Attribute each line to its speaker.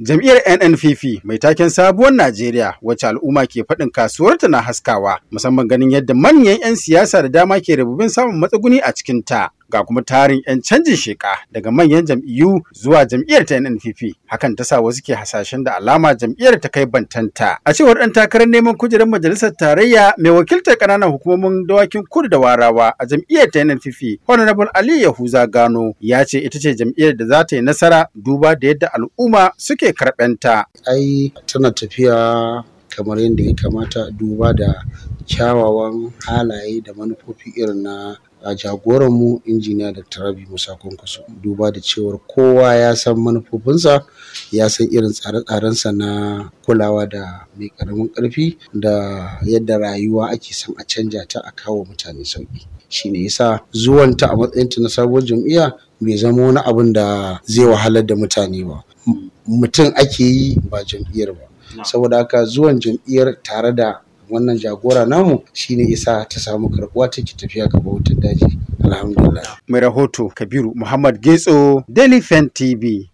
Speaker 1: Jam'iyyar NNPP mai taken sabuwar Najeriya wacce al'umma ke faɗin kasuwarta na haskawa musamman ganin yadda manyan 'yan siyasa da dama ke rububin samun matsuguni a cikinta. ga kuma tarin 'yan canjin sheka daga manyan jam'iyyu zuwa jam'iyyar ta NNPP. Hakan ta sa wasu ke hasashen da alama jam'iyyar ta kai bantanta. A cewar ɗan takarar neman kujerar majalisar tarayya mai wakiltar ƙananan hukumomin dawakin kudu da warawa a jam'iyyar ta NNPP, Honorable Ali Yahuza Gano ya ce ita ce jam'iyyar da za ta yi nasara duba da yadda al'umma suke karɓenta.
Speaker 2: Ai tana tafiya kamar yadda ya kamata duba da kyawawan halaye da manufofi irin na a jagoranmu injiniya da tarabi musa kwankwaso duba da cewar kowa ya san manufofinsa ya san irin tsare-tsarensa na kulawa da mai karamin karfi da yadda rayuwa ake san a canja ta a kawo mutane sauki shi ne yasa ta a matsayinta na sabuwar jam'iyya bai zama wani abin da zai wahalar da mutane ba mutum ake yi ba jam'iyyar ba saboda haka zuwan jam'iyyar tare da wannan
Speaker 1: jagora namu shine isa ta samu karbuwa take tafiya ga wutar daji alhamdulillah mai rahoto kabiru muhammad getso daily fan tv